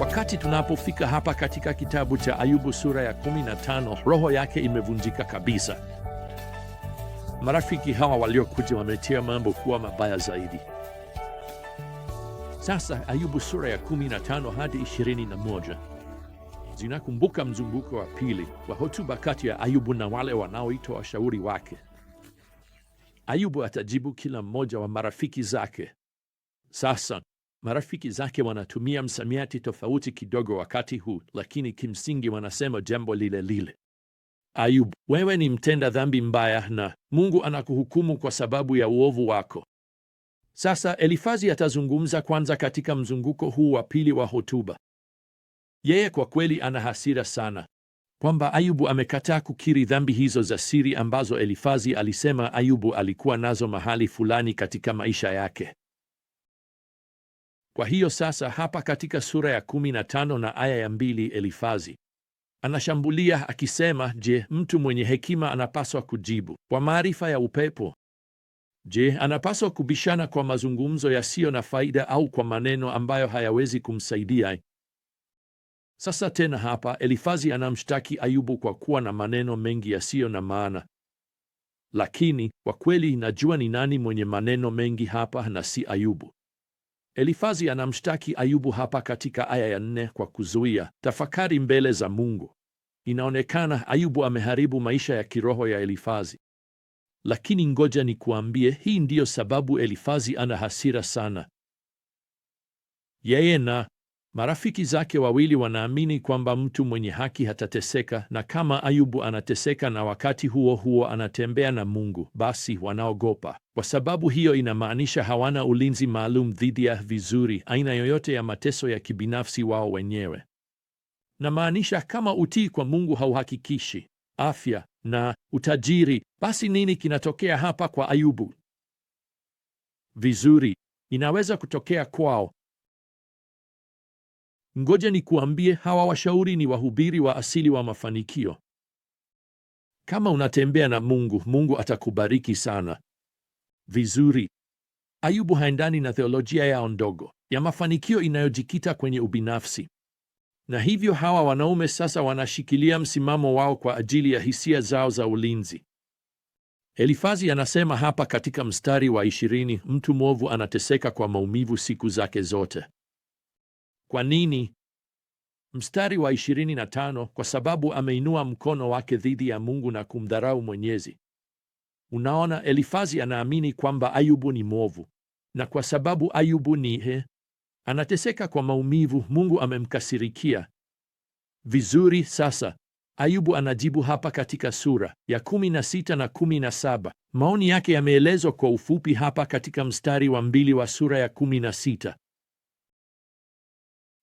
Wakati tunapofika hapa katika kitabu cha Ayubu sura ya 15, roho yake imevunjika kabisa. Marafiki hawa waliokuja wametia mambo kuwa mabaya zaidi. Sasa Ayubu sura ya 15 hadi 21 zinakumbuka mzunguko wa pili wa hotuba kati ya Ayubu na wale wanaoitwa washauri wake. Ayubu atajibu kila mmoja wa marafiki zake. Sasa Marafiki zake wanatumia msamiati tofauti kidogo wakati huu, lakini kimsingi wanasema jambo lile lile. Ayubu, wewe ni mtenda dhambi mbaya na Mungu anakuhukumu kwa sababu ya uovu wako. Sasa Elifazi atazungumza kwanza katika mzunguko huu wa pili wa hotuba. Yeye kwa kweli ana hasira sana kwamba Ayubu amekataa kukiri dhambi hizo za siri ambazo Elifazi alisema Ayubu alikuwa nazo mahali fulani katika maisha yake. Kwa hiyo sasa hapa katika sura ya 15 na aya ya mbili Elifazi anashambulia akisema, je, mtu mwenye hekima anapaswa kujibu kwa maarifa ya upepo? Je, anapaswa kubishana kwa mazungumzo yasiyo na faida au kwa maneno ambayo hayawezi kumsaidia? Sasa tena hapa Elifazi anamshtaki Ayubu kwa kuwa na maneno mengi yasiyo na maana. Lakini kwa kweli, najua ni nani mwenye maneno mengi hapa na si Ayubu. Elifazi anamshtaki Ayubu hapa katika aya ya nne kwa kuzuia tafakari mbele za Mungu. Inaonekana Ayubu ameharibu maisha ya kiroho ya Elifazi. Lakini ngoja ni kuambie hii ndiyo sababu Elifazi ana hasira sana. Yeye na Marafiki zake wawili wanaamini kwamba mtu mwenye haki hatateseka, na kama Ayubu anateseka na wakati huo huo anatembea na Mungu, basi wanaogopa. Kwa sababu hiyo, inamaanisha hawana ulinzi maalum dhidi ya vizuri, aina yoyote ya mateso ya kibinafsi wao wenyewe. Namaanisha kama utii kwa Mungu hauhakikishi afya na utajiri, basi nini kinatokea hapa kwa Ayubu? Vizuri inaweza kutokea kwao Ngoja nikuambie, hawa washauri ni wahubiri wa asili wa mafanikio. Kama unatembea na Mungu, Mungu atakubariki sana. Vizuri. Ayubu haendani na theolojia yao ndogo ya mafanikio inayojikita kwenye ubinafsi, na hivyo hawa wanaume sasa wanashikilia msimamo wao kwa ajili ya hisia zao za ulinzi. Elifazi anasema hapa katika mstari wa ishirini, mtu mwovu anateseka kwa maumivu siku zake zote. Kwa nini? Mstari wa 25, kwa sababu ameinua mkono wake dhidi ya Mungu na kumdharau Mwenyezi. Unaona, Elifazi anaamini kwamba Ayubu ni mwovu, na kwa sababu Ayubu ni he, anateseka kwa maumivu, Mungu amemkasirikia. Vizuri, sasa Ayubu anajibu hapa katika sura ya 16 na 17. Maoni yake yameelezwa kwa ufupi hapa katika mstari wa mbili wa sura ya 16.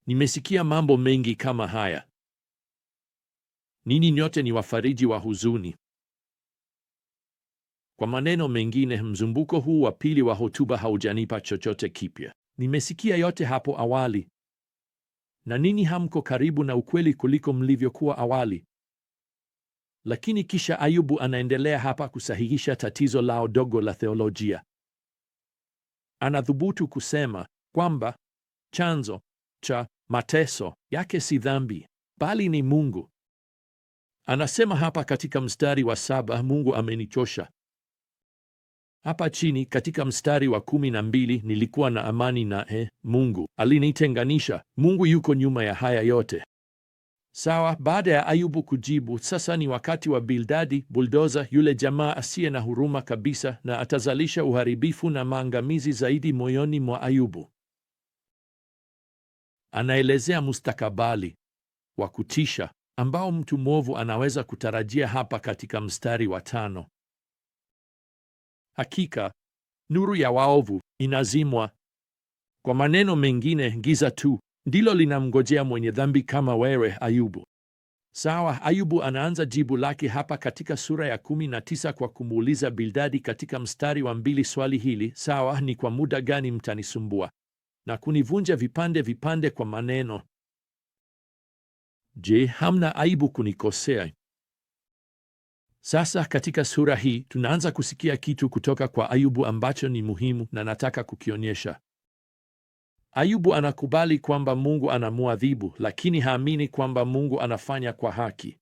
Nimesikia mambo mengi kama haya. Ninyi nyote ni wafariji wa huzuni. Kwa maneno mengine, mzumbuko huu wa pili wa hotuba haujanipa chochote kipya. Nimesikia yote hapo awali, na ninyi hamko karibu na ukweli kuliko mlivyokuwa awali. Lakini kisha Ayubu anaendelea hapa kusahihisha tatizo lao dogo la theolojia. Anathubutu kusema kwamba chanzo cha mateso yake si dhambi, bali ni Mungu. Anasema hapa katika mstari wa saba, Mungu amenichosha. Hapa chini katika mstari wa kumi na mbili, nilikuwa na amani naye, eh, Mungu alinitenganisha. Mungu yuko nyuma ya haya yote. Sawa, baada ya Ayubu kujibu, sasa ni wakati wa Bildadi buldoza, yule jamaa asiye na huruma kabisa, na atazalisha uharibifu na maangamizi zaidi moyoni mwa Ayubu anaelezea mustakabali wa kutisha ambao mtu mwovu anaweza kutarajia hapa katika mstari wa tano: hakika nuru ya waovu inazimwa. Kwa maneno mengine, giza tu ndilo linamngojea mwenye dhambi kama wewe, Ayubu. Sawa, Ayubu anaanza jibu lake hapa katika sura ya 19 kwa kumuuliza Bildadi katika mstari wa mbili swali hili, sawa, ni kwa muda gani mtanisumbua? na kunivunja vipande vipande kwa maneno. Je, hamna aibu kunikosea? Sasa katika sura hii tunaanza kusikia kitu kutoka kwa Ayubu ambacho ni muhimu na nataka kukionyesha. Ayubu anakubali kwamba Mungu anamwadhibu, lakini haamini kwamba Mungu anafanya kwa haki.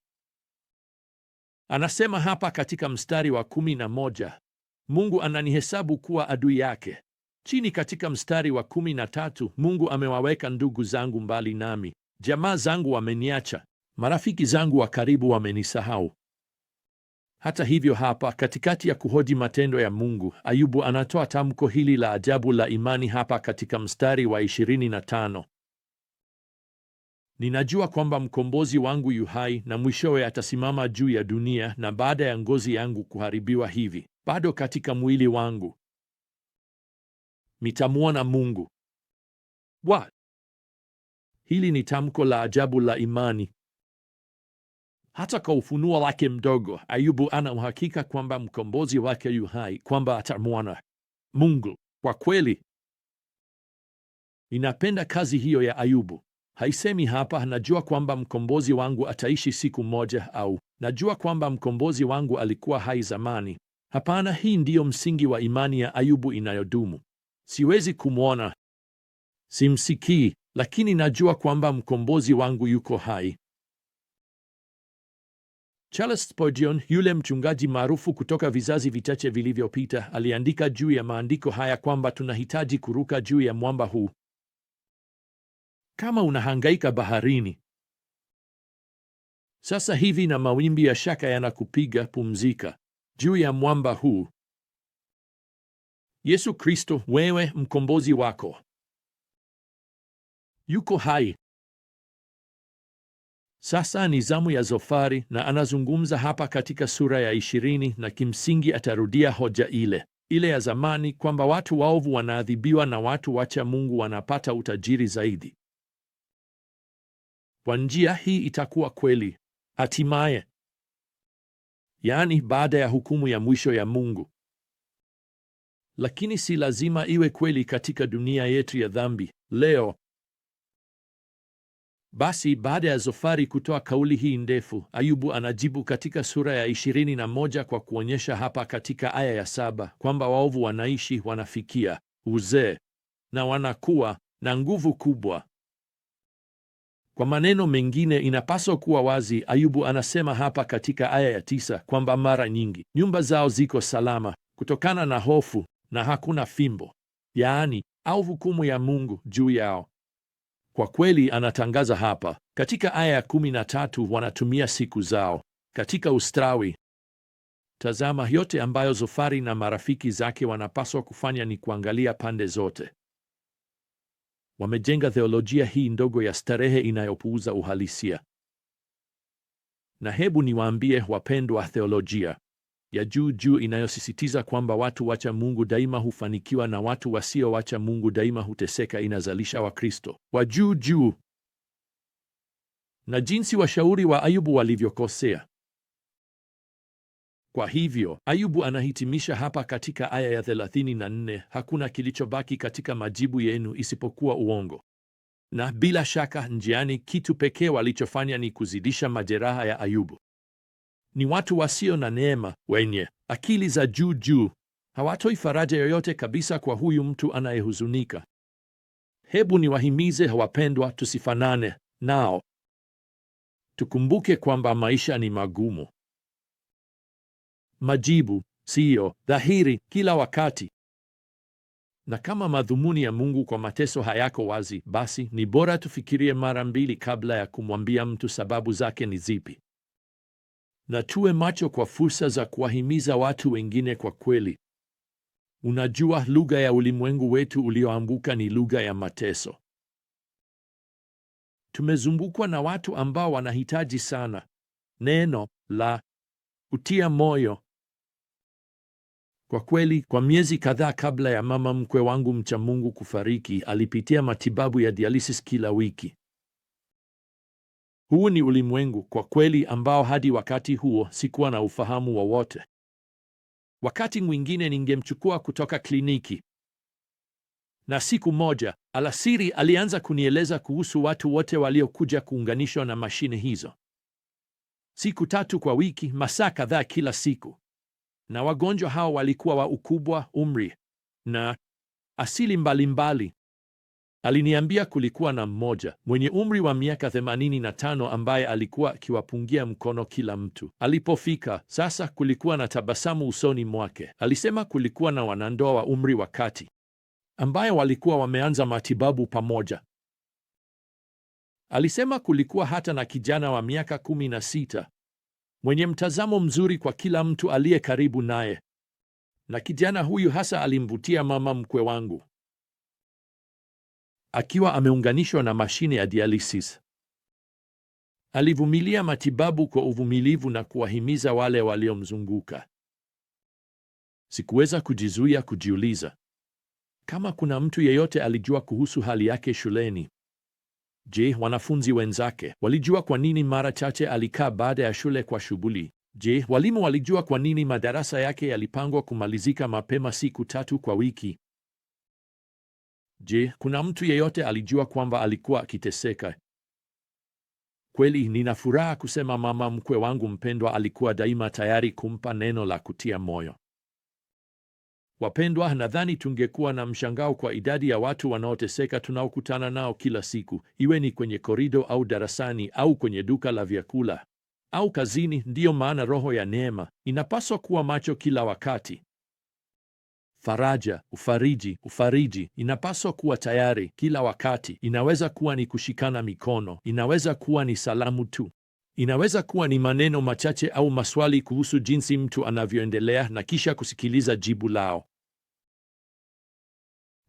Anasema hapa katika mstari wa kumi na moja, Mungu ananihesabu kuwa adui yake. Chini katika mstari wa kumi na tatu, Mungu amewaweka ndugu zangu mbali nami, jamaa zangu wameniacha, marafiki zangu wa karibu wamenisahau. Hata hivyo, hapa katikati ya kuhoji matendo ya Mungu, Ayubu anatoa tamko hili la ajabu la imani hapa katika mstari wa 25: ninajua kwamba mkombozi wangu yu hai na mwishowe atasimama juu ya dunia, na baada ya ngozi yangu kuharibiwa hivi, bado katika mwili wangu nitamwona Mungu. Wa hili ni tamko la ajabu la imani. Hata kwa ufunuo wake mdogo, Ayubu ana uhakika kwamba mkombozi wake yu hai, kwamba atamwona Mungu kwa kweli. Ninapenda kazi hiyo ya Ayubu. Haisemi hapa, najua kwamba mkombozi wangu ataishi siku moja, au najua kwamba mkombozi wangu alikuwa hai zamani. Hapana, hii ndiyo msingi wa imani ya Ayubu inayodumu siwezi kumwona, simsikii, lakini najua kwamba mkombozi wangu yuko hai. Charles Spurgeon, yule mchungaji maarufu kutoka vizazi vichache vilivyopita, aliandika juu ya maandiko haya kwamba tunahitaji kuruka juu ya mwamba huu. Kama unahangaika baharini sasa hivi na mawimbi ya shaka yanakupiga, pumzika juu ya mwamba huu. Yesu Kristo, wewe mkombozi wako, yuko hai. Sasa ni zamu ya Zofari, na anazungumza hapa katika sura ya ishirini, na kimsingi atarudia hoja ile ile ya zamani kwamba watu waovu wanaadhibiwa na watu wacha Mungu wanapata utajiri zaidi. Kwa njia hii itakuwa kweli hatimaye, yaani baada ya hukumu ya mwisho ya Mungu lakini si lazima iwe kweli katika dunia yetu ya dhambi leo. Basi baada ya Zofari kutoa kauli hii ndefu, Ayubu anajibu katika sura ya 21 kwa kuonyesha hapa katika aya ya saba kwamba waovu wanaishi, wanafikia uzee na wanakuwa na nguvu kubwa. Kwa maneno mengine, inapaswa kuwa wazi, Ayubu anasema hapa katika aya ya tisa kwamba mara nyingi nyumba zao ziko salama kutokana na hofu na hakuna fimbo, yaani au hukumu ya Mungu juu yao. Kwa kweli anatangaza hapa katika aya ya kumi na tatu, wanatumia siku zao katika ustrawi. Tazama, yote ambayo Zofari na marafiki zake wanapaswa kufanya ni kuangalia pande zote. Wamejenga theolojia hii ndogo ya starehe inayopuuza uhalisia. Na hebu niwaambie wapendwa, theolojia ya juu juu inayosisitiza kwamba watu wacha Mungu daima hufanikiwa na watu wasiowacha Mungu daima huteseka inazalisha Wakristo wa juu juu, na jinsi washauri wa Ayubu walivyokosea. Kwa hivyo Ayubu anahitimisha hapa katika aya ya 34: hakuna kilichobaki katika majibu yenu isipokuwa uongo. Na bila shaka, njiani, kitu pekee walichofanya ni kuzidisha majeraha ya Ayubu ni watu wasio na neema, wenye akili za juu juu. Hawatoi faraja yoyote kabisa kwa huyu mtu anayehuzunika. Hebu niwahimize hawapendwa, tusifanane nao. Tukumbuke kwamba maisha ni magumu. Majibu siyo dhahiri kila wakati, na kama madhumuni ya Mungu kwa mateso hayako wazi, basi ni bora tufikirie mara mbili kabla ya kumwambia mtu sababu zake ni zipi na tuwe macho kwa fursa za kuwahimiza watu wengine kwa kweli. Unajua, lugha ya ulimwengu wetu ulioambuka ni lugha ya mateso. Tumezungukwa na watu ambao wanahitaji sana neno la utia moyo. Kwa kweli, kwa miezi kadhaa kabla ya mama mkwe wangu mcha Mungu kufariki, alipitia matibabu ya dialysis kila wiki. Huu ni ulimwengu kwa kweli ambao hadi wakati huo sikuwa na ufahamu wowote Wakati mwingine ningemchukua kutoka kliniki, na siku moja alasiri alianza kunieleza kuhusu watu wote waliokuja kuunganishwa na mashine hizo, siku tatu kwa wiki, masaa kadhaa kila siku. Na wagonjwa hao walikuwa wa ukubwa, umri na asili mbalimbali mbali. Aliniambia kulikuwa na mmoja mwenye umri wa miaka themanini na tano ambaye alikuwa akiwapungia mkono kila mtu alipofika. Sasa kulikuwa na tabasamu usoni mwake. Alisema kulikuwa na wanandoa wa umri wa kati ambaye walikuwa wameanza matibabu pamoja. Alisema kulikuwa hata na kijana wa miaka kumi na sita mwenye mtazamo mzuri kwa kila mtu aliye karibu naye, na kijana huyu hasa alimvutia mama mkwe wangu akiwa ameunganishwa na mashine ya dialysis. Alivumilia matibabu kwa uvumilivu na kuwahimiza wale waliomzunguka. Sikuweza kujizuia kujiuliza kama kuna mtu yeyote alijua kuhusu hali yake shuleni. Je, wanafunzi wenzake walijua kwa nini mara chache alikaa baada ya shule kwa shughuli? Je, walimu walijua kwa nini madarasa yake yalipangwa kumalizika mapema siku tatu kwa wiki? Je, kuna mtu yeyote alijua kwamba alikuwa akiteseka? Kweli nina furaha kusema mama mkwe wangu mpendwa alikuwa daima tayari kumpa neno la kutia moyo. Wapendwa, nadhani tungekuwa na mshangao kwa idadi ya watu wanaoteseka tunaokutana nao kila siku, iwe ni kwenye korido au darasani au kwenye duka la vyakula au kazini. Ndiyo maana roho ya neema inapaswa kuwa macho kila wakati. Faraja, ufariji, ufariji inapaswa kuwa tayari kila wakati. Inaweza kuwa ni kushikana mikono, inaweza kuwa ni salamu tu, inaweza kuwa ni maneno machache au maswali kuhusu jinsi mtu anavyoendelea na kisha kusikiliza jibu lao.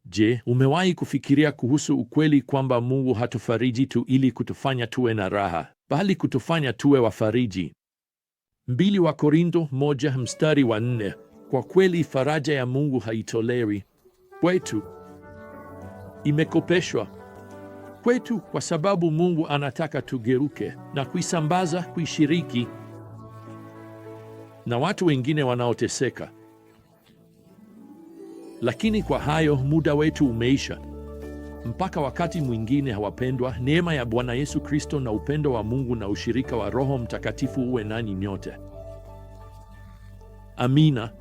Je, umewahi kufikiria kuhusu ukweli kwamba Mungu hatufariji tu ili kutufanya tuwe na raha, bali kutufanya tuwe wafariji? mstari wa kwa kweli faraja ya Mungu haitolewi kwetu, imekopeshwa kwetu, kwa sababu Mungu anataka tugeruke na kuisambaza, kuishiriki na watu wengine wanaoteseka. Lakini kwa hayo, muda wetu umeisha. Mpaka wakati mwingine, hawapendwa, neema ya Bwana Yesu Kristo na upendo wa Mungu na ushirika wa Roho Mtakatifu uwe nanyi nyote. Amina.